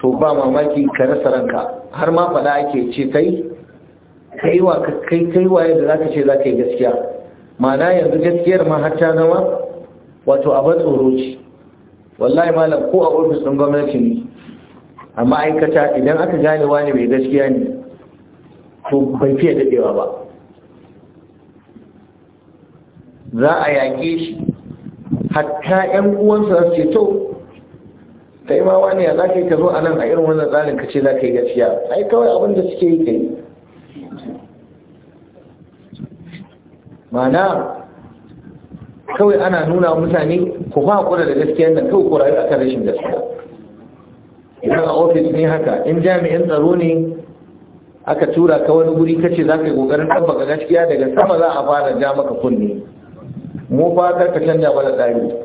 to ba mamaki ka rasa ranka har ma faɗa ake ce kai wa kai yadda za ka ce za ka yi gaskiya ma'ana yanzu gaskiyar ma har ta zama wato abin tsoro ce wallahi malam ko a ofis ɗin gwamnati ne a ma'aikata idan aka gane wani mai gaskiya ne to bai fiye daɗewa ba za a yaƙe shi hatta 'yan uwansa su ce to kai ma wani ya zaka yi ka zo a nan a irin wannan tsarin ka ce zaka yi gaskiya ai kawai abin da suke yi kai mana kawai ana nuna mutane ku ba kura da gaskiyar da kawai ku rayu a kan rashin gaskiya idan a ofis ne haka in jami'in tsaro ne aka tura ka wani guri ka za ka yi kokarin ɗabbaka gaskiya daga sama za a fara ja maka kunne mu fa ka canja mana tsari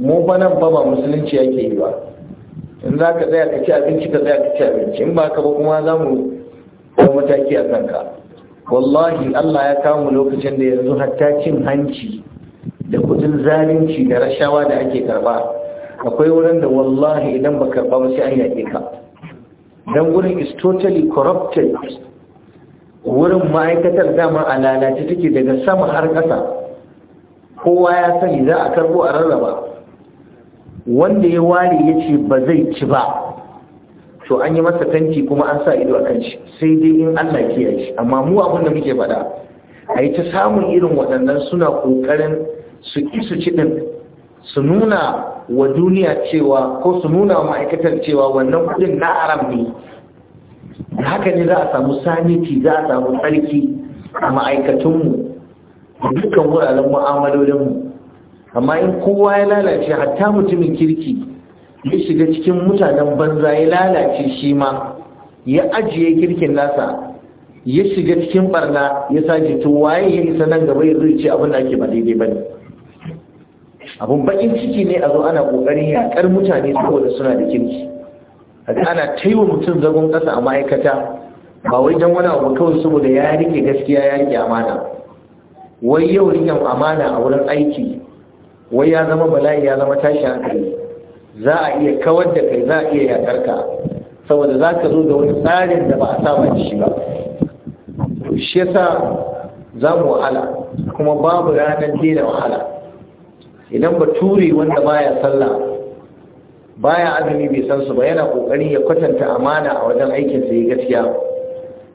mu fa nan ba ba musulunci yake yi ba in za ka tsaya ka ci abinci ka tsaya ka ci abinci in ba ka ba kuma za mu ɗau mataki a kanka wallahi allah ya kawo lokacin da yanzu hatta cin hanci da kudin zalunci da rashawa da ake karba akwai wurin da wallahi idan ba karba ba sai an yaƙe ka Dan wurin is totally corrupted wurin ma'aikatar dama a lalace take daga sama har ƙasa kowa ya sani za a karbo a rarraba wanda ya ware ya ce ba zai ci ba to an yi masa tanki kuma an sa ido a kan shi sai dai in allah kiyaye shi amma mu abin da muke faɗa a yi ta samun irin waɗannan suna ƙoƙarin su ki su ci ɗin su nuna wa duniya cewa ko su nuna wa ma'aikatar cewa wannan kuɗin na aram ne da haka ne za a samu saniti za a samu tsarki a ma'aikatunmu da dukkan wuraren mu'amalolinmu amma in kowa ya lalace hatta mutumin kirki ya shiga cikin mutanen banza ya lalace shi ma ya ajiye kirkin nasa ya shiga cikin barna ya sake waye ya isa nan gaba ya zuci abin da ake ba daidai ba ne Abin bakin ciki ne a zo ana kokarin yakar mutane saboda suna da kirki ana taiwa mutum zagon ƙasa a ma'aikata ba wai don wani abu kawai saboda ya rike gaskiya ya rike amana wai yau rike amana a wurin aiki wai ya zama bala'i ya zama tashi hankali za a iya kawar da kai za a iya yakar ka saboda za ka zo da wani tsarin da ba a saba da shi ba shi yasa za mu wahala kuma babu ranar da wahala idan ba turi wanda baya sallah baya azumi bai san su ba yana kokari ya kwatanta amana a wajen aikin sa yi gaskiya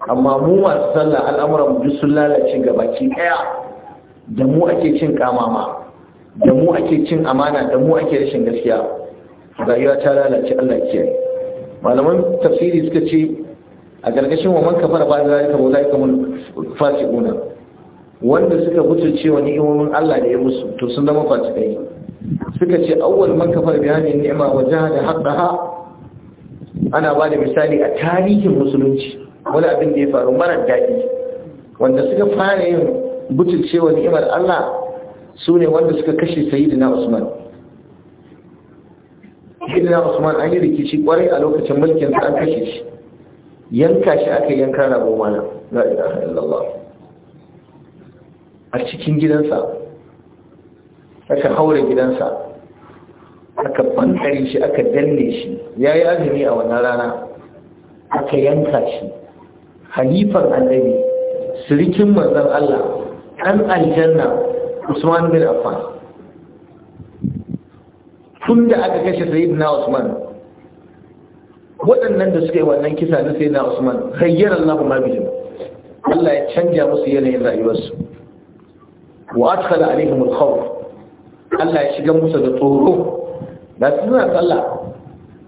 amma mu masu sallah al'amuran mu duk sun lalace gabaki daya da mu ake cin kamama da mu ake cin amana da mu ake rashin gaskiya rayuwa ta lalace Allah ke. malaman tafsiri suka ce a gargashin wa man kafara ba da ka ba zalika mun fasiquna wanda suka ce wani ni'imomin Allah da ya musu to sun zama fasikai suka ce awwal man kafara bi hadin ni'ma wa jahada haqqaha ana ba da misali a tarihin musulunci wani abin da ya faru mara daɗi wanda suka fara yin butulce ni'imar Allah su ne wanda suka kashe sayidina usman sayidina usman an yi rikici kwarai a lokacin mulkin sa an kashe shi yanka shi aka yanka rabo mana la ilaha illallah a cikin gidansa aka haure gidansa aka bankari shi aka danne shi ya yi azumi a wannan rana aka yanka shi halifan annabi sirikin manzan Allah ɗan aljanna usman bin affan tun da aka kashe sayyidina usman waɗannan da suka yi wannan kisa na sayyidina usman hayyar allah ma bijin allah ya canja musu yanayin rayuwarsu wa adkhala alaihim al-khawf Allah ya shiga musu da tsoro da su suna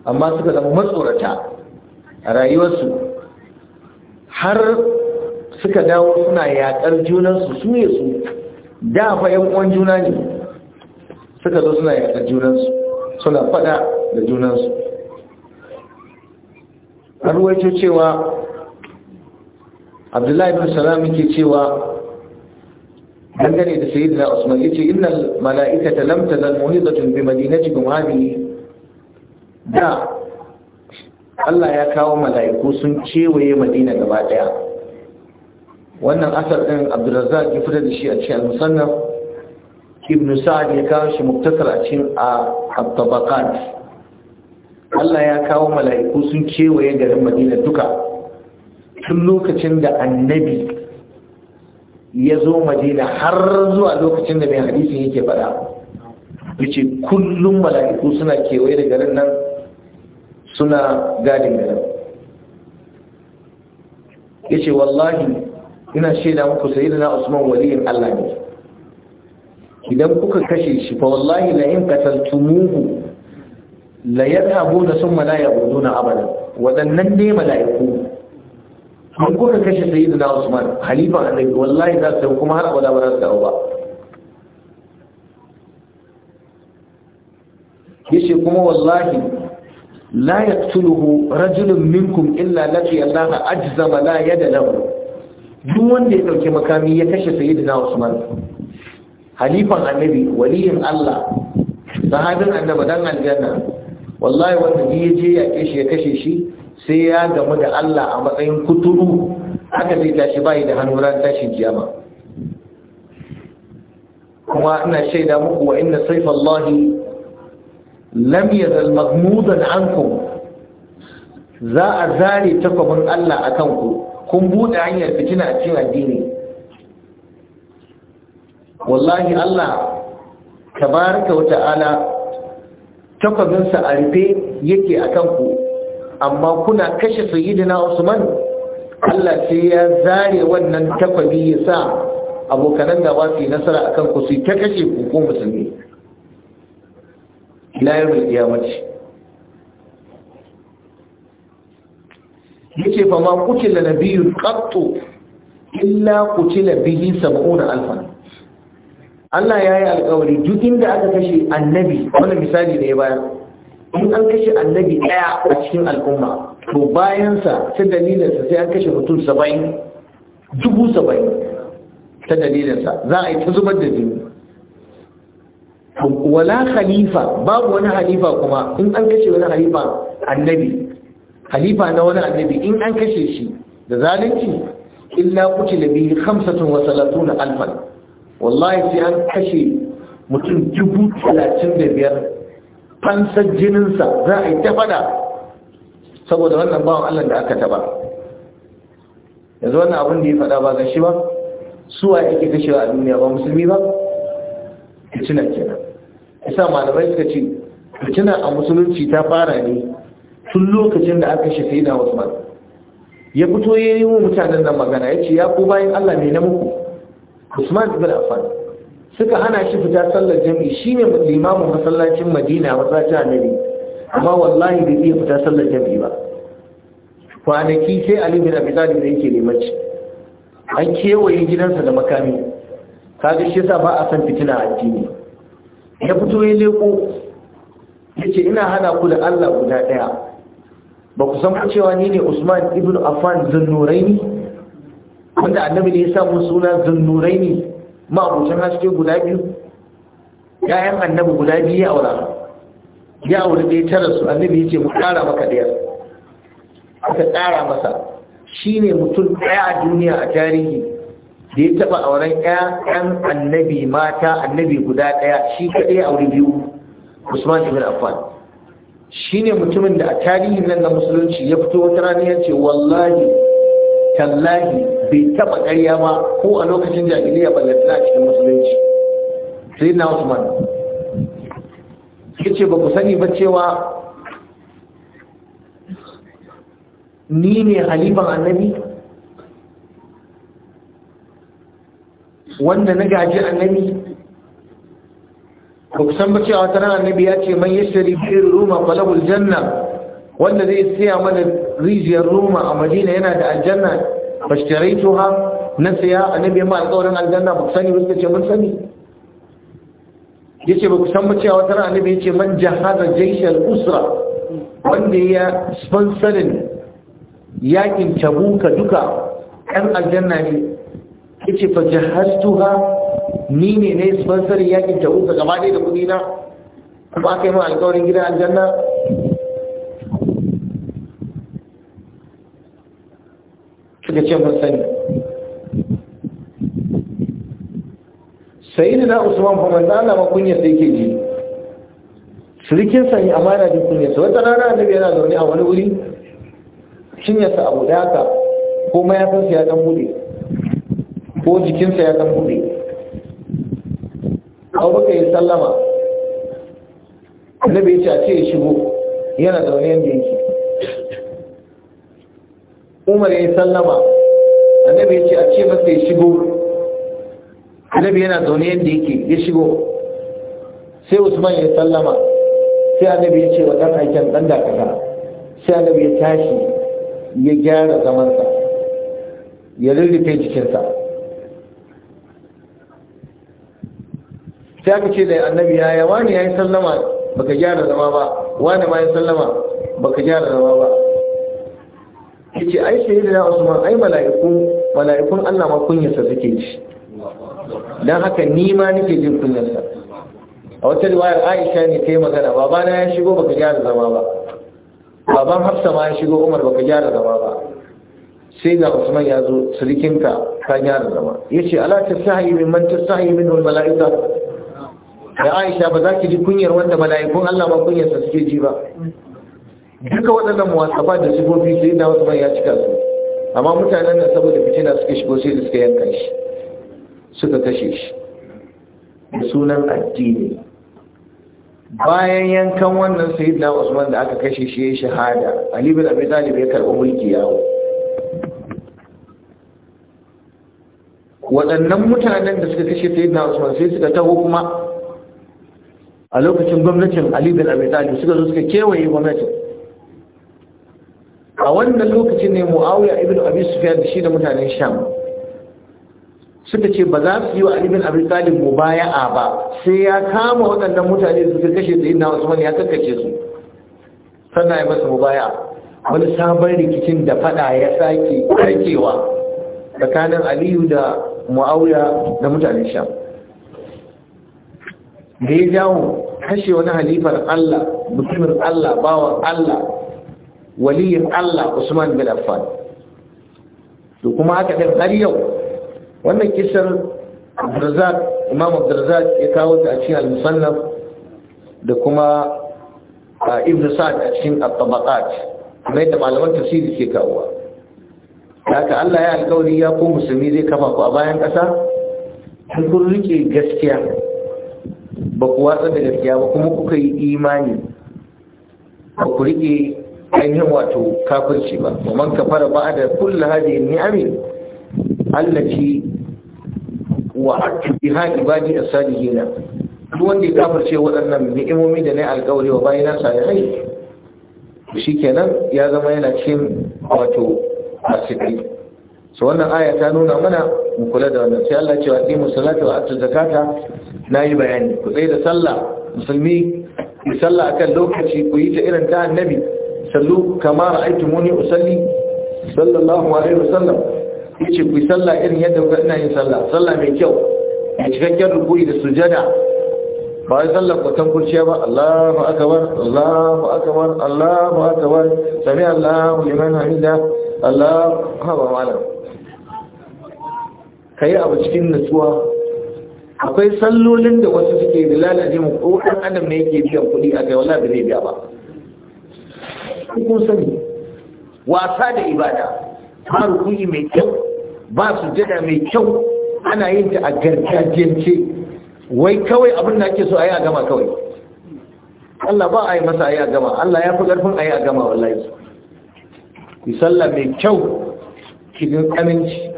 amma suka zama matsorata a rayuwarsu har suka dawo suna yaƙar junansu su ne su da fa yan uwan juna ne suka zo suna yaƙa junansu suna faɗa da junansu an ruwaito cewa abdullahi bin salam yake cewa dangane da sayyidina usman yace innal mala'ikata lam tazal muhidatun bi madinatikum hadhihi da Allah ya kawo mala'iku sun cewaye madina gaba daya wannan asar ɗin abdurrazzaq ya fitar da shi a cikin musannan ibn sa'ad ya kawo shi muktasar a cikin a tabaqat Allah ya kawo mala'iku sun kewaye garin Madina duka tun lokacin da annabi ya zo Madina har zuwa lokacin da mai hadisin yake faɗa yace kullum mala'iku suna kewaye da garin nan suna gadin garin Ya ce wallahi ina shaida muku sayyidina Usman waliyin Allah ne idan kuka kashe shi fa wallahi la in qataltumuhu la yadhabuna thumma la yabuduna abada wadannan ne malaiku an kuka kashe sayyidina Usman halifa annabi wallahi za su kuma har abada ba za su dawo ba yace kuma wallahi la yaqtuluhu rajulun minkum illa laqi Allah ajzama la yada lahu duk wanda ya ɗauki makami ya kashe sayyidina Usman halifan annabi waliyin Allah sahabin annaba dan aljanna wallahi wanda ya je ya kashe ya kashe shi sai ya gamu da Allah a matsayin kuturu aka sai tashi bayi da hannu ran tashin kiyama kuma ina shaida muku wa inna sayfa Allah lam yazal maghmudan ankum za a zare takwabin Allah akan ku kun buɗe hanyar fitina a cikin addini wallahi Allah tabaraka wa ta'ala takwabinsa a rufe yake a kanku amma kuna kashe sayyidina Usman Allah sai ya zare wannan takwabi ya sa abokanan ba su yi nasara a kanku su ta kashe ku ko musulmi ila da kiyamaci yake fama kuke kutila nabiyyun illa kutila bihi 70 alfan Allah ya yi alkawari duk inda aka kashe annabi wannan misali na ya bayar in an kashe annabi ɗaya a cikin al'umma to bayansa ta dalilinsa sai an kashe mutum saba'in dubu saba'in ta dalilinsa za a yi ta zubar da jini wala khalifa babu wani halifa kuma in an kashe wani halifa annabi khalifa na wani annabi in an kashe shi da zalunci illa qutila bihi 35 alfan wallahi sai an kashe mutum dubu talatin da biyar fansar jininsa za a yi ta fada saboda wannan bawan allah da aka taba yanzu wannan abin da ya fada ba gashi ba suwa yake kashewa a duniya ba musulmi ba fitina kenan isa malamai suka ce fitina a musulunci ta fara ne tun lokacin da aka shafi na Usman ya fito ya yi wa mutanen nan magana ya ce ya ku bayan Allah ne na muku Usman ibn Affan suka hana shi fita sallar jami'i ne limamin masallacin Madina masallacin jami'i amma wallahi bai iya fita sallar jami'i ba kwanaki sai Ali bin Abi Talib da yake neman shi an kewaye gidansa da makami kaga shi yasa ba a san fitina addini ya fito ya leko yace ina hana ku da Allah guda ɗaya. ba ku san cewa ni ne Usman ibn Affan Zunnuraini wanda annabi ne ya sa mun suna Zunnuraini ma abucin haske guda biyu ƴaƴan annabi guda biyu ya aura ya aure ɗaya tara su annabi ya ce mu ƙara maka ɗaya aka ƙara masa shi ne mutum ɗaya a duniya a tarihi da ya taɓa auren ƴaƴan annabi mata annabi guda ɗaya shi kaɗai aure biyu Usman ibn Affan Shi ne mutumin da a tarihin nan na musulunci ya fito wata rana ya ce wallahi tallahi bai taba ƙarya ba ko a lokacin jahiliya ballantana a cikin musulunci sai na usman ya ce ba ku sani ba cewa ni ne halifan annabi wanda na gaji annabi kusan san ba cewa wata ran annabi ya ce man yashri bi ruma falahul janna wanda zai siya mana rijiyar ruma a madina yana da aljanna ha na siya annabi ma alƙawarin aljanna ba ku sani ba suka ce mun sani yace ba ku san ba cewa wata ran ya ce man jahaza jaishal usra wanda ya sponsorin yakin tabuka duka ɗan aljanna ne yace fa jahaztuha ni ne ne sponsor yakin tabuka gaba ɗaya da kuɗi na ba ka yi min alƙawarin gidan aljanna suka ce mun sani sai da na usman fa manzo Allah ma kunya sai ke ji sirikin sai amana da kunya sai wata rana annabi yana zaune a wani wuri sa abu da haka ko mayafinsa ya dan bude ko jikinsa ya dan bude abubakar ya sallama annabi ya ce a ce ya shigo yana da wani yanda yake umar ya sallama annabi ya ce a ce masa ya shigo annabi yana da wani yanda yake ya shigo sai usman ya sallama sai annabi ya ce wa ɗan aikin ɗan dakata sai annabi ya tashi ya gyara zamansa ya rurrufe jikinsa sai aka ce da annabi yaya wani ya yi sallama baka gyara zama ba wani ma ya sallama baka gyara zama ba ce ai sai da Usman ai mala'iku mala'ikun Allah ma kunyarsa suke ci dan haka ni ma nake jin kunyarsa a wata riwayar Aisha ne ta yi magana babana ya shigo baka gyara zama ba baban Hafsa ma ya shigo Umar baka gyara zama ba sai ga Usman ya zo surikinka ka gyara zama yace ala tasahi min man tasahi min mala'ika da aisha ba za ki ji kunyar wanda mala'ikun Allah ba kunyarsa suke ji ba duka waɗannan muwasafa da sifofi sai na wasu ya cika su amma mutanen nan saboda fitina suka shigo sai da suka yanka shi suka kashe shi da sunan addini bayan yankan wannan sayyidina Usman da aka kashe shi ya shahada Ali bin Abi Talib ya karɓi mulki yawo waɗannan mutanen da suka kashe sayyidina Usman sai suka taho kuma a lokacin gwamnatin alibin abitali suka zo suka kewaye gwamnatin a wannan lokacin ne muawiya ibn abi sufyan shi da mutanen sham suka ce ba za su yi wa alibin abitali mu baya a ba sai ya kama waɗannan mutane da suka kashe sayyidina usman ya kakkace su sannan ya masa baya. wani sabon rikicin da fada ya sake karkewa tsakanin aliyu da mu'awiya da mutanen sham da ya jawo kashe wani halifar Allah mutumin Allah bawan Allah waliyin Allah Usman bin Affan to kuma haka din har yau wannan kisar Abdurrazzaq Imam Abdurrazzaq ya kawo ta a cikin al-Musannaf da kuma Ibn Sa'd a cikin at-Tabaqat kuma yadda malaman tafsiri ke kawowa haka Allah ya alƙawari ya ko musulmi zai kafa ku a bayan ƙasa kun rike gaskiya ba ku watsa da gaskiya ba kuma kuka yi imani ba ku riƙe ainihin wato kafirci ba ba man kafara ba da kullu ni ni'ami allati wa biha ibadi as na. duk wanda ya kafirce waɗannan ni'imomi da yi alƙawari wa bayina shi kenan ya zama yana cikin wato asiri so wannan aya ta nuna mana mu kula da wannan sai Allah ya ce wa aqimu salata wa atu zakata na yi bayani ku tsaye da sallah musulmi ku sallah akan lokaci ku yi ta irin ta annabi sallu kama ra'aytu muni usalli sallallahu alaihi wasallam yace ku sallah irin yadda kuka ina yin sallah sallah mai kyau a cikakken rukuyi da sujada ba wai sallar kwatan kurciya ba Allahu akbar Allahu akbar Allahu akbar sami Allahu liman hamida Allahu akbar malam kai abu cikin nutsuwa akwai sallolin da wasu suke da lalace mu ko dan adam ne yake biyan kuɗi a kai wallahi ba zai biya ba kun sani wasa da ibada ba rukuni mai kyau ba su jada mai kyau ana yin ta a gargajiyance wai kawai abin da ake so a yi a gama kawai Allah ba a yi masa a yi a gama Allah ya fi ƙarfin a yi a gama wallahi ki sallah mai kyau ki aminci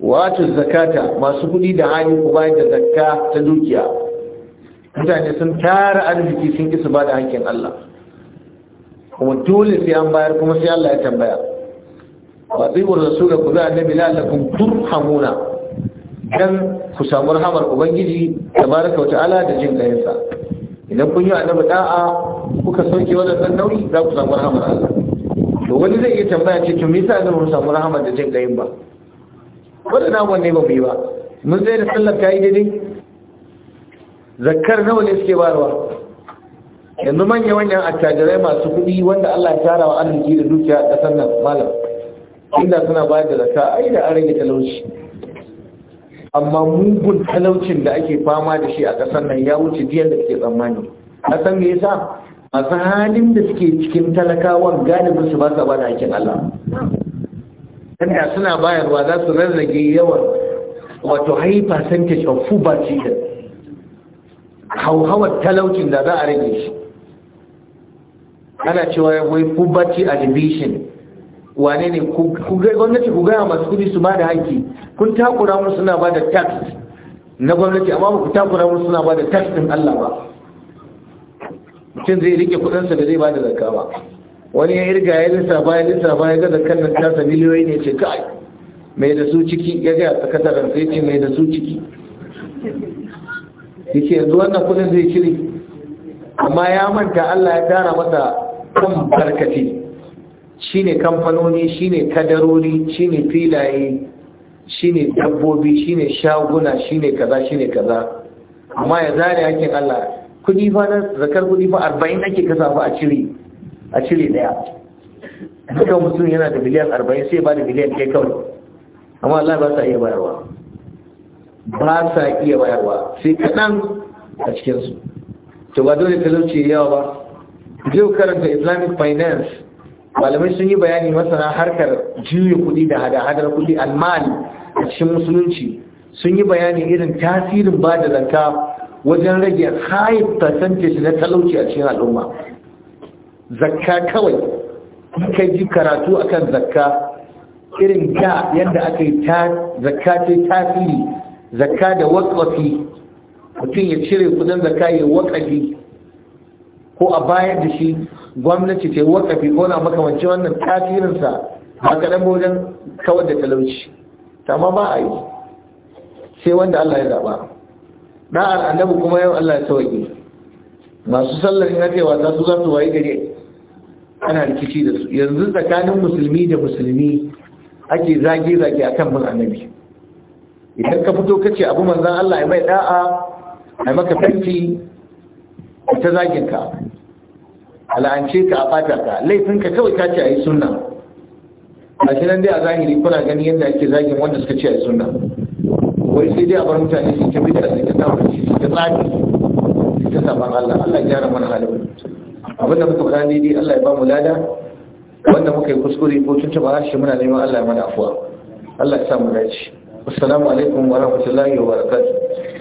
wato zakata masu kuɗi da hali ku da zakka ta dukiya mutane sun tara arziki sun isa ba da hankin Allah kuma dole sai an bayar kuma sai Allah ya tambaya ba tsibir rasula ku za annabi la'allakum turhamuna dan ku samu rahamar ubangiji tabaraka wa ta'ala da jin ɗayansa. idan kun yi annabi da'a kuka sauke ɗan nauyi za ku samu rahamar Allah to wani zai iya tambaya ce to me yasa annabi samu rahamar da jin ɗayin ba wanda na ne ba mu yi ba mun zai da sallar ta yi daidai zakkar nawa ne suke barwa yanzu manya manyan attajirai masu kuɗi wanda Allah ya tara wa arziki da dukiya a ƙasar nan malam inda suna bayar da zaka ai da an rage talauci amma mugun talaucin da ake fama da shi a ƙasar nan ya wuce biyan da suke tsammani a san me yasa masu halin da suke cikin talakawan galibin su ba sa ba da hakin Allah dan suna bayarwa za su rarrage yawan wato high percentage of poverty da hauhawar talaucin da za a rage shi ana cewa ya wai poverty alleviation wane ne gwamnati ku gaya masu kudi su ba da haƙƙi kun takura mu suna ba da tax na gwamnati amma ku takura mu suna ba da tax din Allah ba mutum zai rike kudansa da zai ba da zakka ba wani ya irga ya lissafa ya lissafa ya gada kan nan kasa miliyoyi ne ce kai mai da su ciki ya ga sakataren sai ce mai da su ciki ce yanzu wannan kudin zai cire amma ya manta Allah ya tara masa kan barkati ne kamfanoni shi ne kadarori shi ne filaye shi ne dabbobi shi ne shaguna shi ne kaza shi ne kaza amma ya zare hakin Allah kudi fa na zakar kudi fa arba'in ake kasafa a ciri a cire daya duka mutum yana da miliyan arba'in sai ba da miliyan ɗaya kawai amma Allah ba sa iya bayarwa ba sa iya bayarwa sai kaɗan a cikinsu to ba dole talauci yawa ba zai karanta islamic finance malamai sun yi bayani masana harkar juya kuɗi da hada-hadar kuɗi almali a cikin musulunci sun yi bayani irin tasirin ba da zanka wajen rage high percentage na talauci a cikin al'umma zakka kawai kuka ji karatu akan zakka irin da yadda aka yi ta zakka ce tasiri zakka da wakwafi mutum ya cire kudin zakka ya wakafi ko a bayar da shi gwamnati ta yi wakafi ko na makamanci wannan tasirinsa ba kaɗan bojan kawar da talauci tamma ba a yi sai wanda Allah ya zaba Na al'adabu kuma yau Allah ya ta'wage. masu sallar ina ce wasa su za su waye gare ana rikici da su yanzu tsakanin musulmi da musulmi ake zage zage akan kan annabi idan ka fito kace abu manzan Allah ya mai da'a a maka fanti ta zagin ka al'ance ka a fata ka laifin ka kawai kace ayi sunna a shi nan dai a zahiri kuna gani yadda ake zagin wanda suka ce ayi sunna wai sai dai a bar mutane su ta da su ta tawaye su ta tsaki ta saban Allah Allah gyara mana halin abin da muka faɗa ne Allah ya ba mu lada wanda muka yi kuskure ko tunce ba shi muna neman Allah ya mana afuwa Allah ya sa mu dace assalamu alaikum wa rahmatullahi wa barakatuh